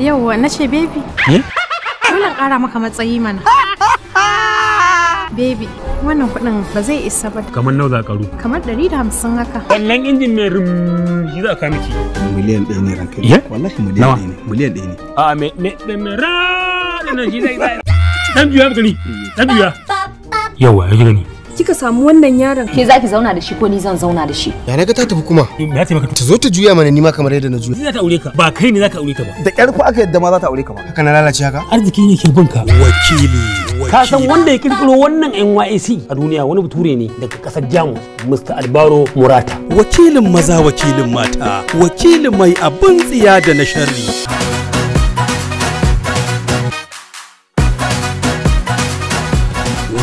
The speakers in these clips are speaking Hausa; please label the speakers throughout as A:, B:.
A: Yauwa na ce baby. Eh? Dole in ƙara maka matsayi mana. Baby, wannan kuɗin ba zai isa ba. Kamar nawa za karu? Kamar ɗari da hamsin haka. Wannan injin mai rum shi za ka miki. Miliyan ɗaya ne ranka. Ya? Wallahi miliyan ɗaya ne. Miliyan ɗaya ne. A me me me me ra. Nan shi zai. Dan biya ka gani. Dan biya. Yauwa ya gani. kika samu wannan yaron ke zaki zauna da shi ko ni zan zauna da shi ya naga ta tafi kuma ya ce maka ta zo ta juya mana nima kamar yadda na juya ni za ta aure ka ba kai ne za ka aure ta ba da ƴar ko aka yadda ma za ta aure ka ba haka na lalace haka arziki ne ke bin ka wakili ka san wanda ya kirkiro wannan NYC a duniya wani bature ne daga kasar Jamus Mr. Albaro Murata wakilin maza wakilin mata wakilin mai abin tsiya da na sharri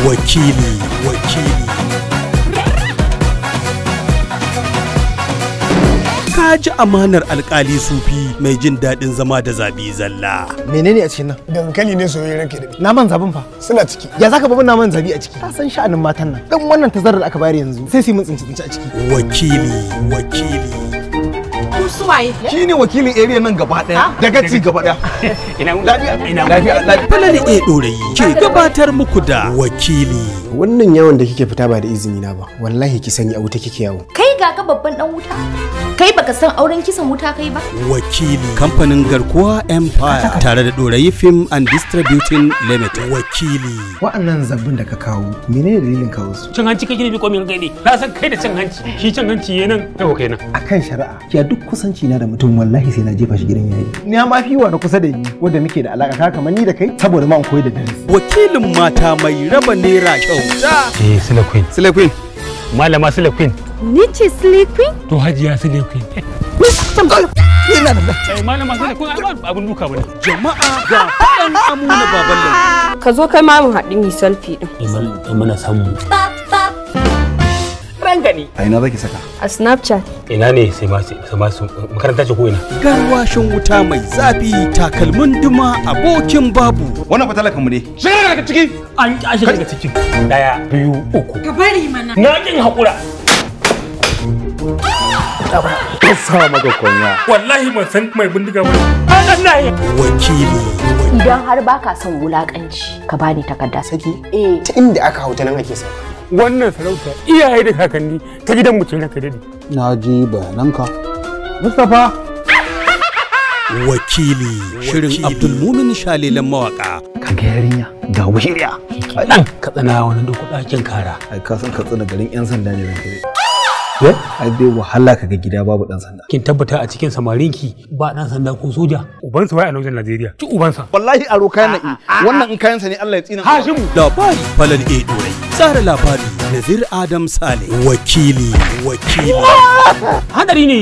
A: wakili wakili ka ji amanar alkali sufi mai jin daɗin zama da zabi zalla. Menene a cikin nan? Dankali ne soyayyen ranke da Naman zabin fa? Suna ciki. Ya zaka babu naman zabi a ciki? Ka san sha'anin matan nan. Dan wannan tazarar aka bayar yanzu sai su yi mun tsinci tsinci a ciki. Wakili, wakili. Ku suwaye? Shi ne wakilin area nan gaba ɗaya. Ah. Daga ci gaba ɗaya. Ina lafiya. Lafiya. Lafiya. e ɗorayi ke gabatar muku da wakili. Wannan yawon da kike fita ba da izini na ba. Wallahi ki sani a wuta kike yawo. Kai ga ka babban dan wuta kai baka san auren kisan wuta kai ba wakili kamfanin garkuwa empire tare da dorayi film and distributing limited wakili wa'annan zabbin da ka kawo menene dalilin kawo su cin hanci kake ne bi min gaide ka san kai da cin hanci shi cin hanci ne nan kai kai nan akan shari'a ya duk kusanci na da mutum wallahi sai na jefa shi gidan yayi ni ma fi wa na kusa da ni wanda muke da alaka ka kamar ni da kai saboda ma an koyi da darasi wakilin mata mai raba naira kyauta eh sila queen sila queen malama sila queen Ni ce Slay Queen? To Hajiya Slay Queen. Ina da eh, Ai malama sai kun ai abun duka bane. Jama'a ga fadan amuna baban nan. Ka zo kai ma mu haɗu mi selfie din. Eh muna eh, samu. Ranga ne. A ina zaki saka? A Snapchat. Ina ne sai ma su makaranta ce ko ina. Garwashin wuta mai zafi takalmin duma abokin babu. Wannan fa talakan mu ne. Shiga daga ciki. An kashe daga ciki. Daya biyu uku. Ka bari mana. Na kin hakura. Ka sa maka kunya. Wallahi ban san mai bindiga ba. Allah Wakili. Idan har baka son wulakanci, ka bani takarda. Saki? Eh. Ta inda aka hauta nan ake sauka. Wannan sarauta iyaye da kakanni ta gidan mutum ce na kadari. Na ji bayananka. Mustapha. Wakili. Shirin Abdulmumin Shalilan mawaka. Ka ga yarinya. ga wuriya. Kaɗan katsina wani duk ɗakin kara. Ai ka san ka katsina garin 'yan sanda ne zan ya ai bai wahala ka ga gida babu dan sanda kin tabbata a cikin samarin ki ba dan sanda ko soja uban sa wai a naujan Najeriya ki uban sa wallahi aro kayan na'i wannan in kayan sa ne Allah ya tsina Hashimu labari falal e dorai tsara labari Nazir Adam Sale wakili wakili hadari ne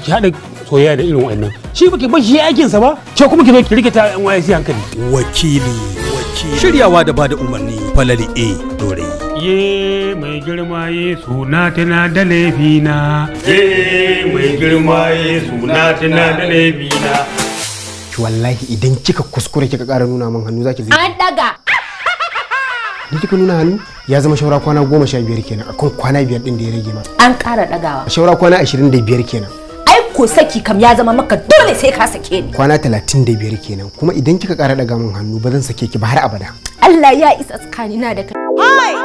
A: ki hada soyayya da irin wannan shi baki ba shi aikin sa ba ce kuma ki zo ki rikita NYC hankali wakili wakili shiryawa da bada umarni falal e dorai ye mai girma yesu na tana da laifina ye mai girma yesu na tana da laifina wallahi idan kika kuskure kika ƙara nuna min hannu zaki zai an daga ni kika nuna hannu ya zama shaura kwana goma sha biyar kenan akan kwana biyar din da ya rage ma an ƙara dagawa shaura kwana ashirin da biyar kenan ai ko saki kam ya zama maka dole sai ka sake ni kwana talatin da biyar kenan kuma idan kika kara daga min hannu ba zan sake ki ba har abada Allah ya isa na da kai